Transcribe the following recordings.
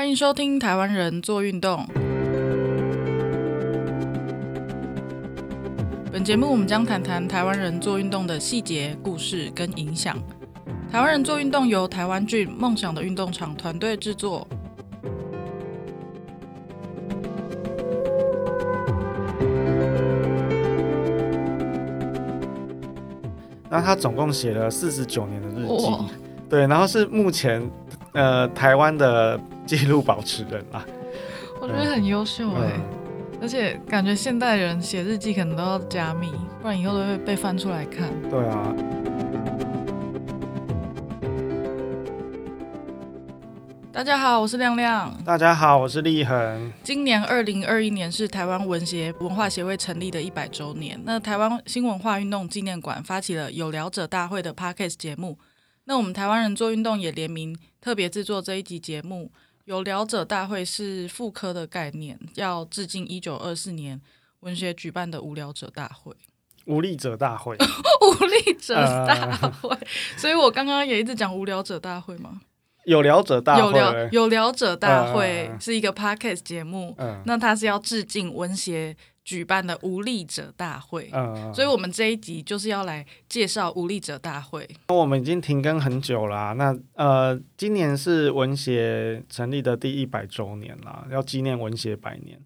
歡迎收聽《台灣人做運動》。本節目我們將談談台灣人做運動的細節、故事跟影響。台灣人做運動由台灣菌《夢想的運動場》團隊制作。那他總共寫了四十九年的日記，oh. 對，然後是目前呃台灣的。記錄保持人啊，我覺得很優秀哎、欸嗯嗯，而且感覺現代人寫日記可能都要加密，不然以後都會被翻出來看。對啊。大家好，我是亮亮。大家好，我是立恆。今年二零二一年是台灣文協文化協會成立的一百周年，那台灣新文化運動紀念館發起了有聊者大會的 Podcast 節目，那我們台灣人做運動也聯名特別制作這一集節目。有聊者大會是復刻的概念，要致敬一九二四年文協舉辦的無聊者大會。無力者大會， 無力者大會、呃。所以我剛剛也一直講無聊者大會嗎？有聊者大會，有聊有聊者大會是一個 podcast 節目。呃、那他是要致敬文協舉辦的無力者大會，嗯、呃，所以，我們這一集就是要來介紹無力者大會。那我們已經停更很久啦，啊，那呃，今年是文協成立的第一百周年啦，要紀念文協百年。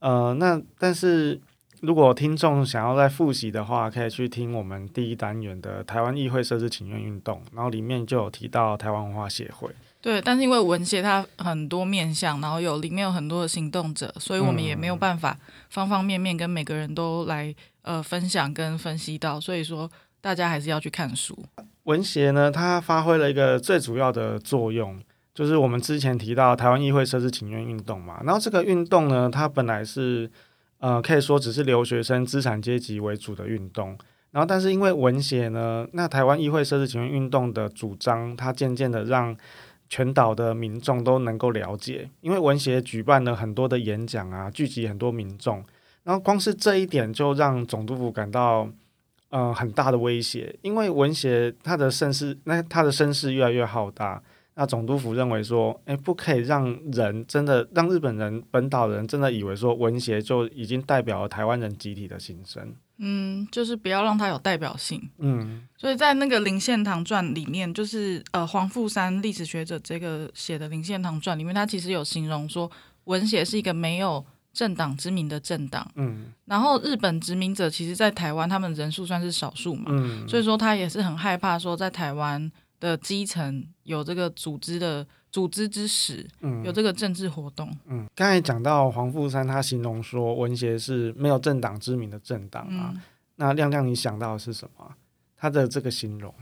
呃，那但是如果聽眾想要再複習的話，可以去聽我們第一單元的台灣議會設置請願運動，然後裡面就有提到台灣文化協會。對，但是因為文協它很多面向，然後有裡面有很多的行動者，所以我們也沒有辦法方方面面跟每個人都來呃分享跟分析到，所以說大家還是要去看書。文協呢，它發揮了一個最主要的作用，就是我們之前提到台灣議會設置請願運動嘛，然後這個運動呢，它本來是呃可以說只是留學生資產階級為主的運動，然後但是因為文協呢，那台灣議會設置請願運動的主張，它漸漸的讓全島的民眾都能夠了解，因為文協舉辦了很多的演講啊，聚集很多民眾，然後光是這一點就讓總督府感到，呃，很大的威脅，因為文協他的聲勢，那他的聲勢越來越浩大。那總督府認為說，哎、欸，不可以讓人真的讓日本人本島人真的以為說文協就已經代表了台灣人集體的心聲，嗯，就是不要讓他有代表性，嗯，所以在那個《林獻堂傳》裡面，就是呃黃富山歷史學者這個寫的《林獻堂傳》裡面，他其實有形容說文協是一個沒有政黨之名的政黨，嗯，然後日本殖民者其實，在台灣他們人數算是少數嘛，嗯，所以說他也是很害怕說在台灣。的基層有這個組織的組織之始，嗯，有這個政治活動，嗯。剛才講到黃富山，他形容說文協是沒有政黨之名的政黨啊、嗯。那亮亮，你想到的是什麼？他的這個形容，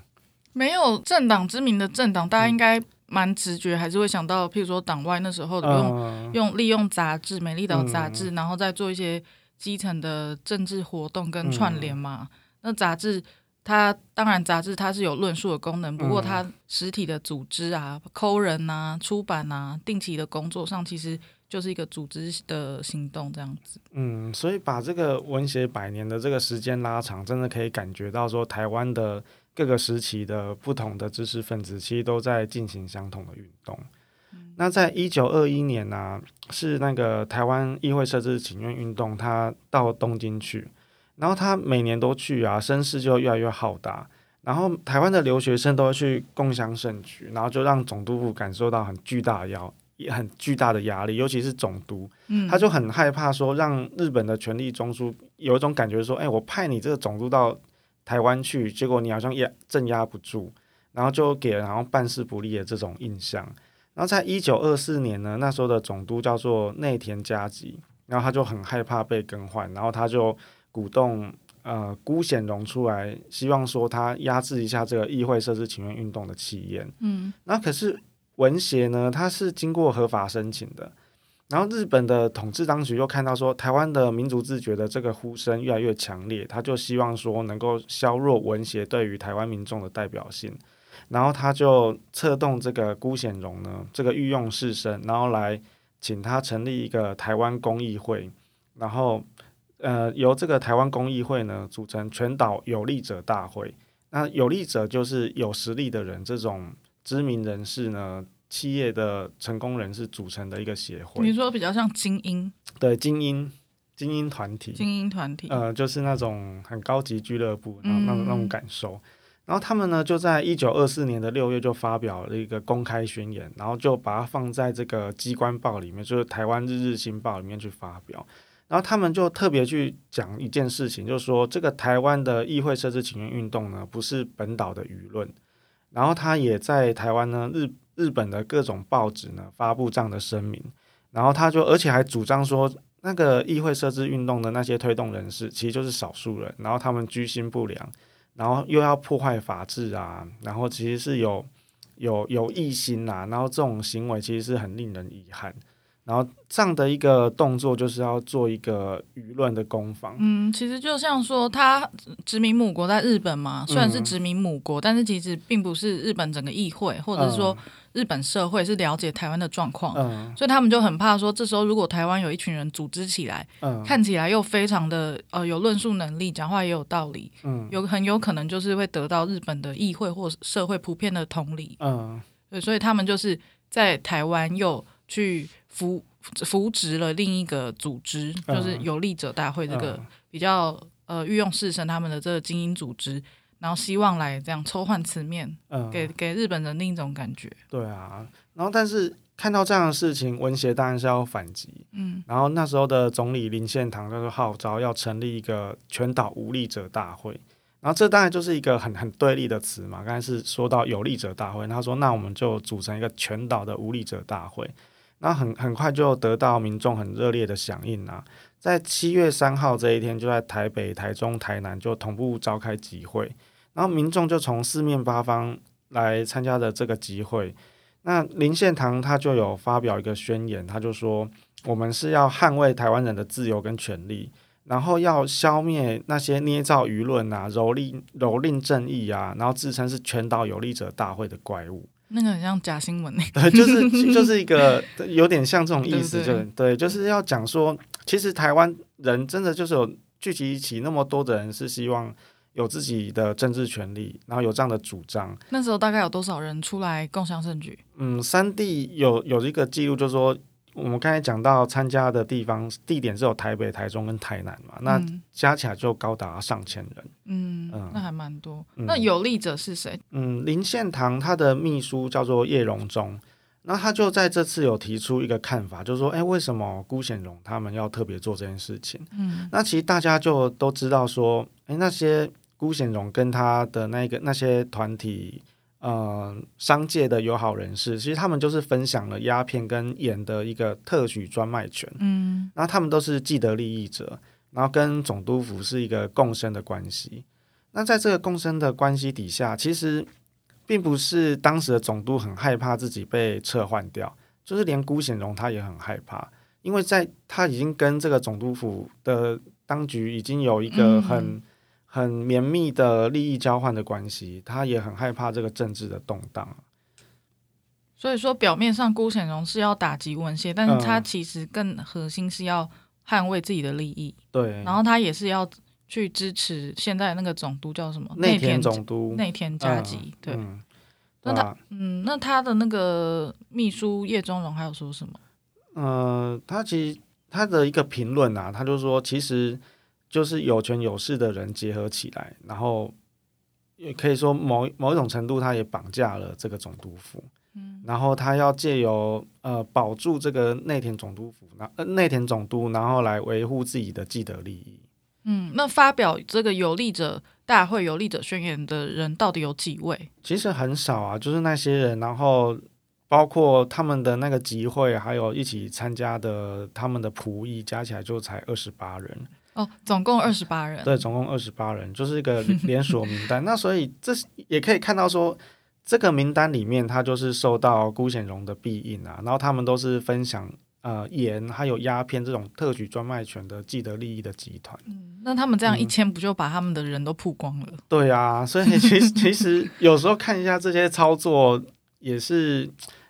沒有政黨之名的政黨，大家應該蠻直覺，嗯、還是會想到，譬如說黨外那時候用用、嗯、用利用雜誌《美麗島》雜誌、嗯，然後再做一些基層的政治活動跟串聯嘛。嗯、那雜誌。它當然雜誌它是有論述的功能，不過它實體的組織啊、嗯、摳人吶、啊、出版吶、啊、定期的工作上，其實就是一個組織的行動這樣子。嗯，所以把這個文協百年的這個時間拉長，真的可以感覺到說，台灣的各個時期的不同的知識分子其實都在進行相同的運動。嗯、那在一九二一年呢、啊，是那個台灣議會設置請願運動，他到東京去。然後他每年都去啊，聲勢就越來越浩大。然後台灣的留學生都要去共襄盛舉，然後就讓總督府感受到很巨大的壓，很巨大的壓力。尤其是總督，嗯，他就很害怕說，讓日本的權力中樞有一種感覺說，哎，我派你這個總督到台灣去，結果你好像也鎮壓不住，然後就給了然後辦事不利的這種印象。然後在一九二四年呢，那時候的總督叫做內田嘉吉，然後他就很害怕被更換，然後他就。鼓動呃辜顯榮出來，希望說他壓制一下這個議會設置請願運動的氣焰。嗯，那可是文協呢，他是經過合法申請的。然後日本的統治當局又看到說台灣的民族自覺的這個呼聲越來越強烈，他就希望說能夠削弱文協對於台灣民眾的代表性。然後他就策動這個辜顯榮呢，這個御用士紳，然後來請他成立一個台灣公益會，然後。呃，由這個台灣公益會呢，組成全島有力者大會。那有力者就是有實力的人，這種知名人士呢，企業的成功人士組成的一個協會。你說比較像精英？對，精英，精英團體，精英團體。呃，就是那種很高級俱樂部那那那種感受，嗯。然後他們呢，就在一九二四年的六月就發表了一個公開宣言，然後就把它放在這個機關報裡面，就是《台灣日日新報》裡面去發表。然後他們就特別去講一件事情，就是說這個台灣的議會設置請願運動呢，不是本島的輿論。然後他也在台灣呢日日本的各種報紙呢發布這樣的聲明。然後他就而且還主張說，那個議會設置運動的那些推動人士，其實就是少數人。然後他們居心不良，然後又要破壞法治啊，然後其實是有有有異心吶啊。然後這種行為其實是很令人遺憾。然後這樣的一個動作就是要做一個輿論的攻防。嗯，其實就像說，他殖民母國在日本嘛，嗯，雖然是殖民母國，但是其實並不是日本整個議會或者是說日本社會是了解台灣的狀況，嗯，所以他們就很怕說，這時候如果台灣有一群人組織起來，嗯，看起來又非常的呃有論述能力，講話也有道理，嗯，有很有可能就是會得到日本的議會或社會普遍的同理。嗯，對，所以他們就是在台灣又。去扶扶植了另一個組織，就是有力者大會這個、嗯嗯、比較呃御用仕紳他們的這個精英組織，然後希望來這樣抽換詞面，嗯、給給日本人另一種感覺。對啊，然後但是看到這樣的事情，文協當然是要反擊。嗯，然後那時候的總理林獻堂就是號召要成立一個全島無力者大會，然後這當然就是一個很很對立的詞嘛。剛才是說到有力者大會，他說那我們就組成一個全島的無力者大會。那很很快就得到民眾很熱烈的響應啊，在七月三號這一天，就在台北、台中、台南就同步召開集會，然後民眾就從四面八方來參加的這個集會。那林獻堂他就有發表一個宣言，他就說：我們是要捍衛台灣人的自由跟權利，然後要消滅那些捏造輿論啊、蹂躪蹂躪正義啊，然後自稱是全島有力者大會的怪物。那個很像假新聞，那個就是就是一個 有點像這種意思，就對，對，對，就是要講說，其實台灣人真的就是有聚集一起那麼多的人，是希望有自己的政治權利，然後有這樣的主張。那時候大概有多少人出來共襄盛舉？嗯，三地有有一個記錄，就是說。我們剛才講到參加的地方地點是有台北、台中跟台南嘛，那加起來就高達上千人，嗯，嗯那還蠻多、嗯。那有力者是誰？嗯，林獻堂他的秘書叫做葉榮鐘，那他就在這次有提出一個看法，就是說：誒、欸，為什麼辜顯榮他們要特別做這件事情？嗯，那其實大家就都知道說，誒、欸，那些辜顯榮跟他的那個那些團體。呃、嗯，商界的友好人士，其實他們就是分享了鴉片跟鹽的一個特許專賣權。嗯，然後他們都是既得利益者，然後跟總督府是一個共生的關係。那在這個共生的關係底下，其實並不是當時的總督很害怕自己被撤換掉，就是連辜顯榮他也很害怕，因為在他已經跟這個總督府的當局已經有一個很、嗯。很綿密的利益交換的關係，他也很害怕這個政治的動盪。所以說，表面上辜顯榮是要打擊文協，但是他其實更核心是要捍衛自己的利益、嗯。對，然後他也是要去支持現在那個總督叫什麼？內田總督，內田嘉吉、嗯。對，嗯、那他、啊，嗯，那他的那個秘書葉忠榮還有說什麼？嗯，他其實他的一個評論啊，他就說，其實。就是有權有勢的人結合起來，然後也可以說某某一種程度，他也綁架了這個總督府。嗯，然後他要借由呃保住這個內田總督府，那、呃、內田總督，然後來維護自己的既得利益。嗯，那發表這個有力者大會有力者宣言的人到底有幾位？其實很少啊，就是那些人，然後包括他們的那個集會，還有一起參加的他們的僕役，加起來就才二十八人。哦，總共二十八人。對，總共二十八人，就是一個連鎖名單。 那所以這也可以看到說，這個名單裡面，他就是受到辜顯榮的庇蔭啊。然後他們都是分享呃鹽還有鴉片這種特許專賣權的既得利益的集團，嗯。那他們這樣一簽，不就把他們的人都曝光了？嗯、對啊，所以其實其實有時候看一下這些操作，也是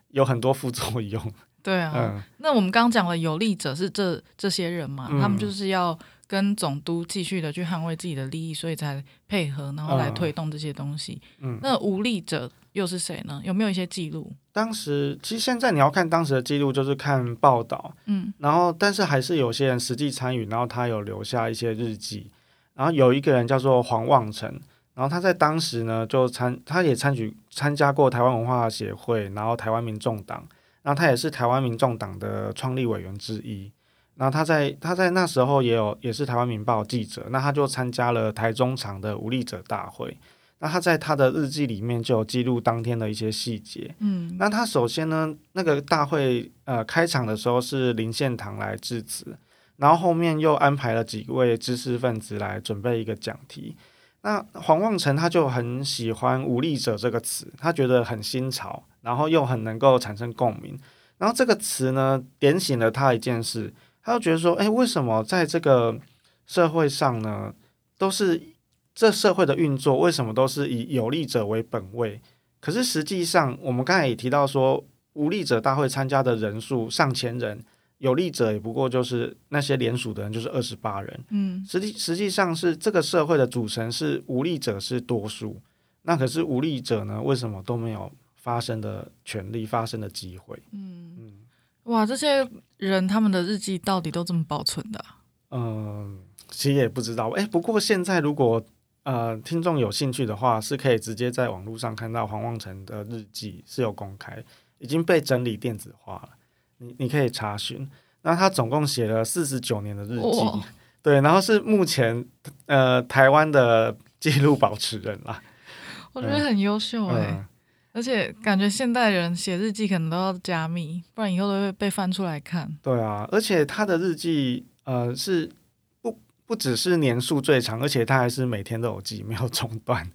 有很多副作用。對啊，嗯、那我們剛剛講了有力者是這這些人嘛，嗯，他們就是要，跟總督繼續的去捍衛自己的利益，所以才配合，然後來推動這些東西。嗯，嗯，那無力者又是誰呢？有沒有一些記錄？當時其實現在你要看當時的記錄，就是看報道，嗯，然後但是還是有些人實際參與，然後他有留下一些日記。然後有一個人叫做黃旺成，然後他在當時呢就參，他也參與參加過台灣文化協會，然後台灣民眾黨，然後他也是台灣民眾黨的創立委員之一。然後他在他在那時候也有，也是台灣民報記者，那他就參加了台中場的無力者大會。那他在他的日記裡面就有記錄當天的一些細節。嗯，那他首先呢，那個大會呃開場的時候是林獻堂來致辭，然後後面又安排了幾位知識分子來準備一個講題。那黃旺成他就很喜歡“無力者”這個詞，他覺得很新潮，然後又很能夠產生共鳴。然後這個詞呢，點醒了他一件事。他又覺得說：“誒、欸，為什麼在這個社會上呢？都是這社會的運作，為什麼都是以有力者為本位？可是實際上，我們剛才也提到說，無力者大會參加的人數上千人，有力者也不過就是那些聯署的人，就是二十八人。嗯，實際實際上是這個社會的組成是無力者是多數。那可是無力者呢？為什麼都沒有發生的權利、發生的機會？嗯。嗯，哇，這些。”人他們的日記到底都怎麼保存的、啊？嗯，其實也不知道。哎、欸，不過現在如果呃聽眾有興趣的話，是可以直接在網絡上看到黃旺成的日記是有公開，已經被整理電子化了。你你可以查詢。那他總共寫了四十九年的日記，Oh. 對，然後是目前呃台灣的記錄保持人啦。 我覺得很優秀哎、欸。而且感覺現代人寫日記可能都要加密，不然以後都會被翻出來看。對啊，而且他的日記呃是不不只是年數最長，而且他還是每天都有記，沒有中斷。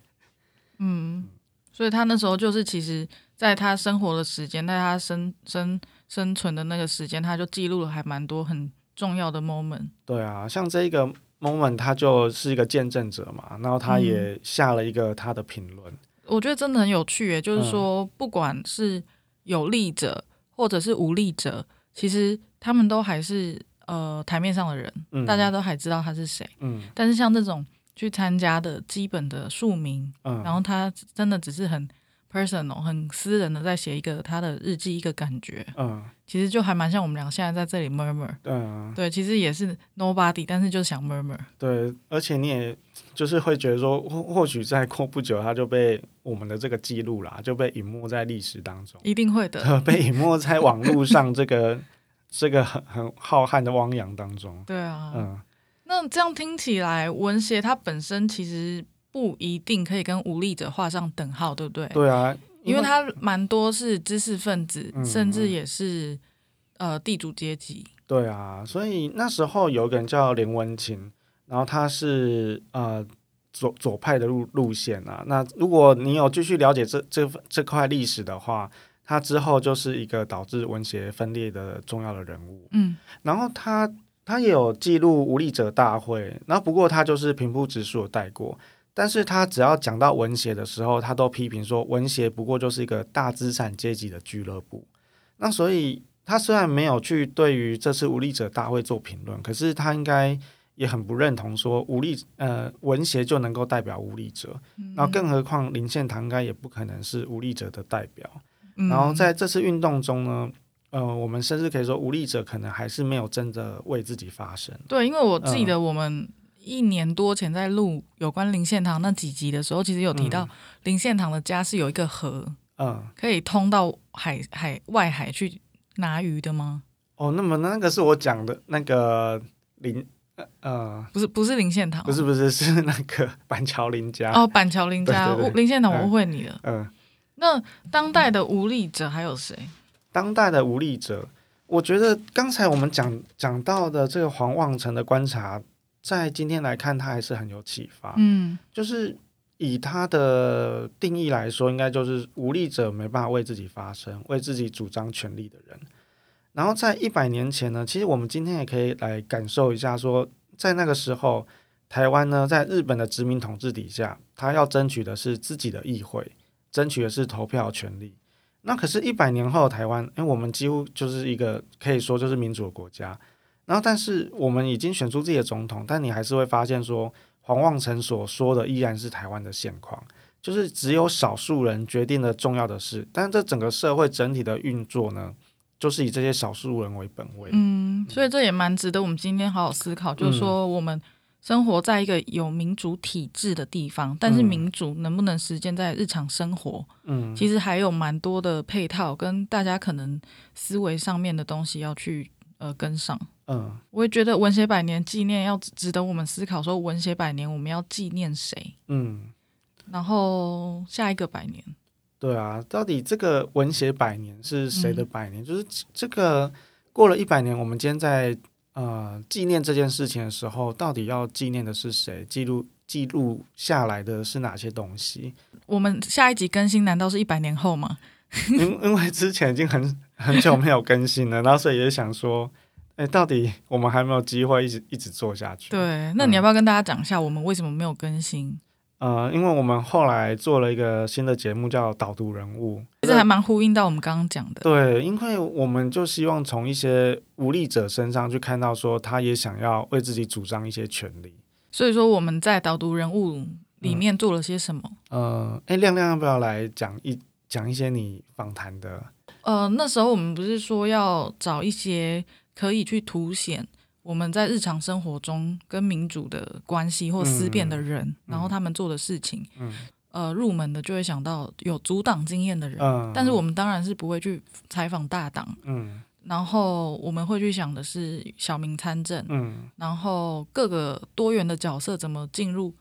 嗯，所以他那時候就是其實在他生活的時間，在他生生生存的那個時間，他就記錄了還蠻多很重要的 moment。對啊，像這個 moment，他就是一個見證者嘛，然後他也下了一個他的評論。嗯。我覺得真的很有趣誒、欸、就是說，不管是有力者或者是無力者，其實他們都還是呃台面上的人、嗯，大家都還知道他是誰。嗯、但是像這種去參加的基本的庶民，嗯、然後他真的只是很。personal 很私人的，在寫一個他的日記，一個感覺，嗯，其實就還蠻像我們倆現在在這裡 murmur，對、嗯，對，其實也是 nobody，但是就想 murmur，對，而且你也就是會覺得說，或或許再過不久，他就被我們的這個記錄啦，就被隱沒在歷史當中，一定會的，被隱沒在網絡上這個 這個很很浩瀚的汪洋當中，對啊，嗯，那這樣聽起來，文學它本身其實，不一定可以跟無力者畫上等號，對不對？對啊，因為，因為他蠻多是知識分子，嗯、甚至也是呃地主階級。對啊，所以那時候有一個人叫連溫卿，然後他是呃左左派的路路線啊。那如果你有繼續了解這這這塊歷史的話，他之後就是一個導致文協分裂的重要的人物。嗯，然後他他也有記錄無力者大會，然後不過他就是平鋪直敘帶過。但是他只要講到文協的時候，他都批評說，文協不過就是一個大資產階級的俱樂部。那所以，他雖然沒有去對於這次無力者大會做評論，可是他應該也很不認同說，無力呃文協就能夠代表無力者。那、嗯、更何況林獻堂應該也不可能是無力者的代表、嗯。然後在這次運動中呢，呃，我們甚至可以說，無力者可能還是沒有真的為自己發聲。對，因為我記得我們、呃。一年多前在錄有關林獻堂那幾集的時候，其實有提到林獻堂的家是有一個河，嗯，可以通到海海外海去拿魚的嗎？哦，那麼那個是我講的那個林，呃，不是不是林獻堂，不是不是是那個板橋林家。哦，板橋林家，對對對，林獻堂，我誤會你了，嗯。嗯，那當代的無力者還有誰？嗯，當代的無力者，我覺得剛才我們講講到的這個黃旺成的觀察。在今天來看，它還是很有啟發。嗯，就是以它的定義來說，應該就是無力者沒辦法為自己發聲、為自己主張權利的人。然後在一百年前呢，其實我們今天也可以來感受一下說，說在那個時候，台灣呢在日本的殖民統治底下，他要爭取的是自己的議會，爭取的是投票權利。那可是，一百年後台灣，因為我們幾乎就是一個可以說就是民主的國家。然後，但是我們已經選出自己的總統，但你還是會發現說，黃旺成所說的依然是台灣的現況，就是只有少數人決定了重要的事，但是這整個社會整體的運作呢，就是以這些少數人為本位。嗯，所以這也蠻值得我們今天好好思考，嗯，就是說我們生活在一個有民主體制的地方，但是民主能不能實踐在日常生活？嗯，其實還有蠻多的配套跟大家可能思維上面的東西要去呃跟上。嗯，我也覺得文協百年紀念要值得我們思考。說文協百年，我們要紀念誰？嗯，然後下一個百年，對啊，到底這個文協百年是誰的百年，嗯？就是這個過了一百年，我們今天在呃紀念這件事情的時候，到底要紀念的是誰？記錄記錄下來的是哪些東西？我們下一集更新難道是一百年後嗎？因 因為之前已經很很久沒有更新了， 然後所以也想說。哎、欸，到底我們還沒有機會一直一直做下去。對，那你要不要跟大家講一下我們為什麼沒有更新？嗯、呃，因為我們後來做了一個新的節目，叫《導讀人物》，其實還蠻呼應到我們剛剛講的。對，因為我們就希望從一些無力者身上去看到，說他也想要為自己主張一些權利。所以說我們在《導讀人物》裡面做了些什麼？嗯、呃，哎、欸，亮亮要不要來講一講一些你訪談的？呃，那時候我們不是說要找一些。可以去凸顯我們在日常生活中跟民主的關係，或思辨的人、嗯嗯，然後他們做的事情。嗯。呃，入門的就會想到有組黨經驗的人，嗯。但是我們當然是不會去採訪大黨，嗯。然後我們會去想的是小民參政，嗯。然後各個多元的角色怎麼進入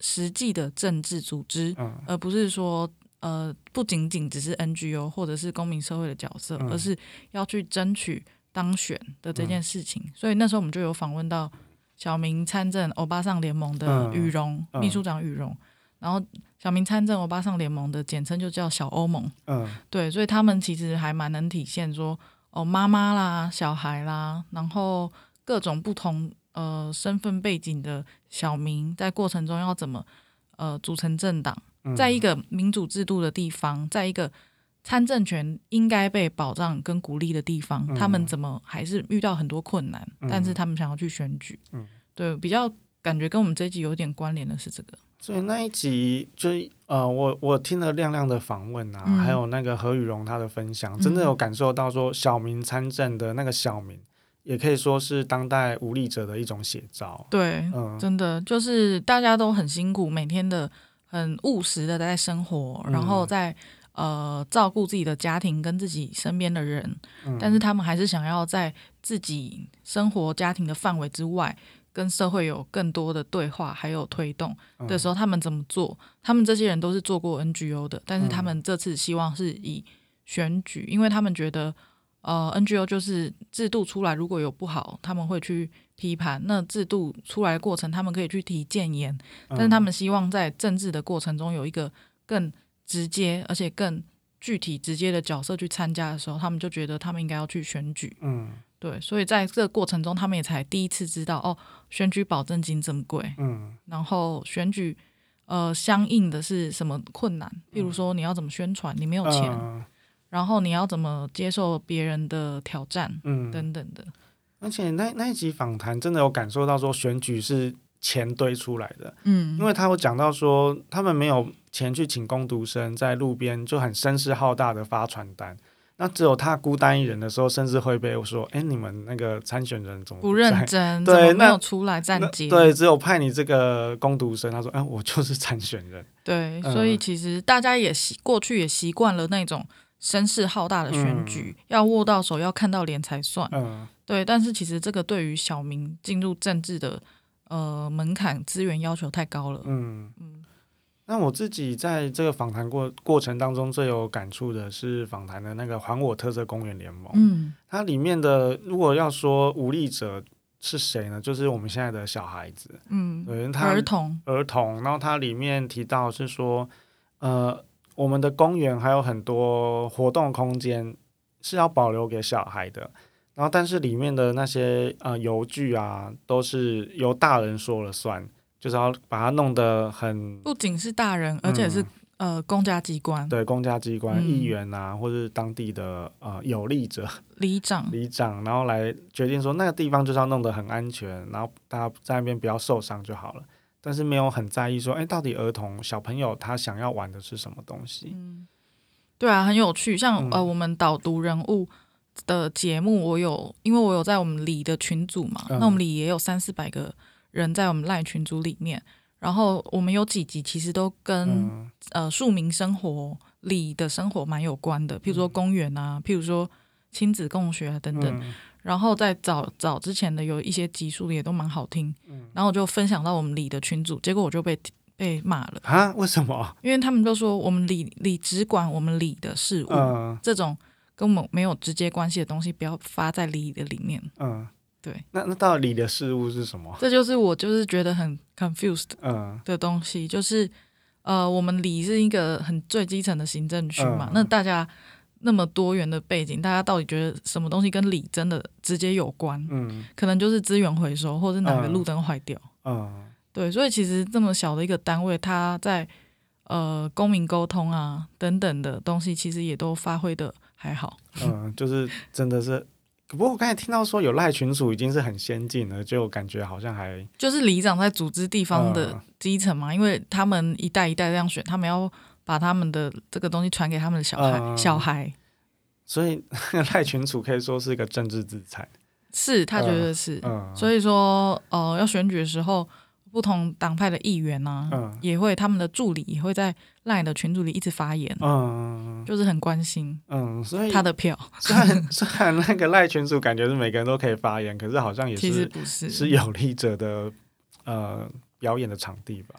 實際的政治組織，嗯。而不是說呃，不僅僅只是 NGO 或者是公民社會的角色，嗯、而是要去爭取。當選的這件事情，嗯，所以那時候我們就有訪問到小民參政歐巴桑聯盟的羽絨，嗯嗯、祕書長羽絨，然後小民參政歐巴桑聯盟的簡稱就叫小歐盟，嗯，對，所以他們其實還蠻能體現說，哦，媽媽啦，小孩啦，然後各種不同呃身份背景的小民在過程中要怎麼呃組成政黨，嗯，在一個民主制度的地方，在一個參政權應該被保障跟鼓勵的地方，嗯、他們怎麼還是遇到很多困難、嗯？但是他們想要去選舉，嗯，對，比較感覺跟我們這一集有點關聯的是這個。所以那一集就呃，我我聽了亮亮的訪問啊、嗯，還有那個何雨榮他的分享、嗯，真的有感受到說小民參政的那個小民、嗯，也可以說是當代無力者的一種寫照。對，嗯，真的就是大家都很辛苦，每天的很務實的在生活，嗯、然後在。呃，照顧自己的家庭跟自己身邊的人、嗯，但是他們還是想要在自己生活家庭的範圍之外，跟社會有更多的對話，還有推動的、嗯這個、時候，他們怎麼做？他們這些人都是做過 NGO 的，但是他們這次希望是以選舉，嗯、因為他們覺得，呃，NGO 就是制度出來如果有不好，他們會去批判；那制度出來的過程，他們可以去提建言，但是他們希望在政治的過程中有一個更。直接，而且更具體、直接的角色去參加的時候，他們就覺得他們應該要去選舉。嗯，對，所以在這個過程中，他們也才第一次知道哦，選舉保證金這麼貴，嗯。然後選舉，呃，相應的是什麼困難？嗯，譬如說，你要怎麼宣傳？你沒有錢，呃，然後你要怎麼接受別人的挑戰？嗯，等等的。而且那那一集訪談真的有感受到，說選舉是。錢堆出來的，嗯，因為他有講到說，他們沒有錢去請工讀生在路邊就很聲勢浩大的發傳單。那只有他孤單一人的時候，甚至會被我說：“哎、欸，你們那個參選人怎麼不，不認真？對，怎麼沒有出來站街？對，只有派你這個工讀生。他說：哎、欸，我就是參選人。對、嗯，所以其實大家也習過去也習慣了那種聲勢浩大的選舉、嗯，要握到手，要看到臉才算。嗯，對。但是其實這個對於小民進入政治的。呃，門檻資源要求太高了。嗯嗯，那我自己在這個訪談過過程當中最有感觸的是訪談的那個“還我特色公園聯盟”。嗯，它裡面的如果要說無力者是誰呢？就是我們現在的小孩子。嗯，對，兒童兒童。然後它裡面提到是說，呃，我們的公園還有很多活動空間是要保留給小孩的。然後，但是裡面的那些呃遊具啊，都是由大人說了算，就是要把它弄得很。不僅是大人，嗯、而且是呃公家機關。對，公家機關、嗯、議員啊，或者是當地的呃有力者。里長。里長，然後來決定說那個地方就是要弄得很安全，然後大家在那邊不要受傷就好了。但是沒有很在意說，哎，到底兒童小朋友他想要玩的是什麼東西？嗯，對啊，很有趣，像、嗯、呃我們導讀人物。的節目我有，因為我有在我們里的群組嘛，嗯、那我們里也有三四百個人在我們賴群組裡面，然後我們有幾集其實都跟、嗯、呃庶民生活里的生活蠻有關的，譬如說公園啊，嗯、譬如說親子共學啊等等、嗯，然後在早早之前的有一些集數也都蠻好聽，嗯、然後我就分享到我們里的群組，結果我就被被罵了啊？為什麼？因為他們都說我們里里只管我們里的事物，嗯、這種。跟我們沒有直接關係的東西，不要發在理的裡面。嗯，對。那那到底理的事物是什麼？這就是我就是覺得很 confused 的東西，嗯、就是呃，我們理是一個很最基層的行政區嘛，嗯。那大家那麼多元的背景，大家到底覺得什麼東西跟理真的直接有關？嗯，可能就是資源回收，或者哪個路燈壞掉嗯。嗯，對。所以其實這麼小的一個單位，它在呃公民溝通啊等等的東西，其實也都發揮的。還好、呃，嗯，就是真的是，不過我剛才聽到說，有賴群主已經是很先進了，就感覺好像還就是里長在組織地方的基層嘛、呃，因為他們一代一代這樣選，他們要把他們的這個東西傳給他們的小孩、呃、小孩，所以賴群主可以說是一個政治制裁，是他覺得是，呃、所以說呃要選舉的時候，不同黨派的議員啊、嗯，也會他們的助理也會在賴的群組裡一直發言、啊嗯，就是很關心，嗯，所以他的票雖然雖然那個賴群組感覺是每個人都可以發言， 可是好像也是，其實不是，是有力者的、呃、表演的場地吧？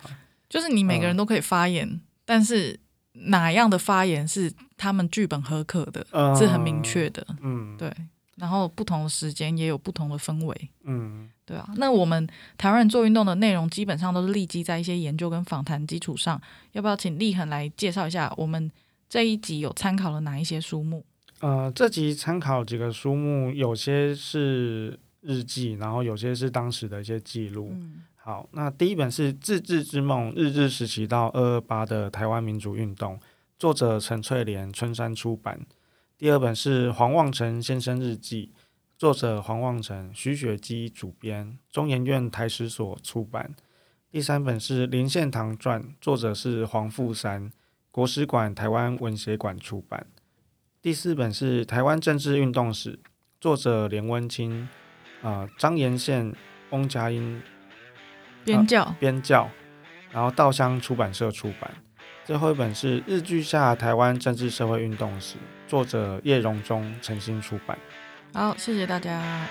就是你每個人都可以發言，嗯、但是哪樣的發言是他們劇本合可的，嗯、是很明確的，嗯，對，然後不同的時間也有不同的氛圍，嗯。對啊，那我們台灣人做運動的內容基本上都是立基在一些研究跟訪談基礎上，要不要請立恆來介紹一下我們這一集有參考了哪一些書目？呃，這集參考幾個書目，有些是日記，然後有些是當時的一些記錄。嗯、好，那第一本是《自治之夢：日治時期到二二八的台灣民主運動》，作者陳翠蓮，春山出版。第二本是黃旺成先生日記。作者黃旺成、許雪姬主編，中研院台史所出版。第三本是《林獻堂傳》，作者是黃富三，國史館臺灣文獻館出版。第四本是《台灣政治運動史》，作者連溫卿、啊張炎憲、翁佳音。編、呃、校編校，然後稻鄉出版社出版。最後一本是《日據下台灣政治社會運動史》，作者葉榮鐘晨星出版。好，謝謝大家。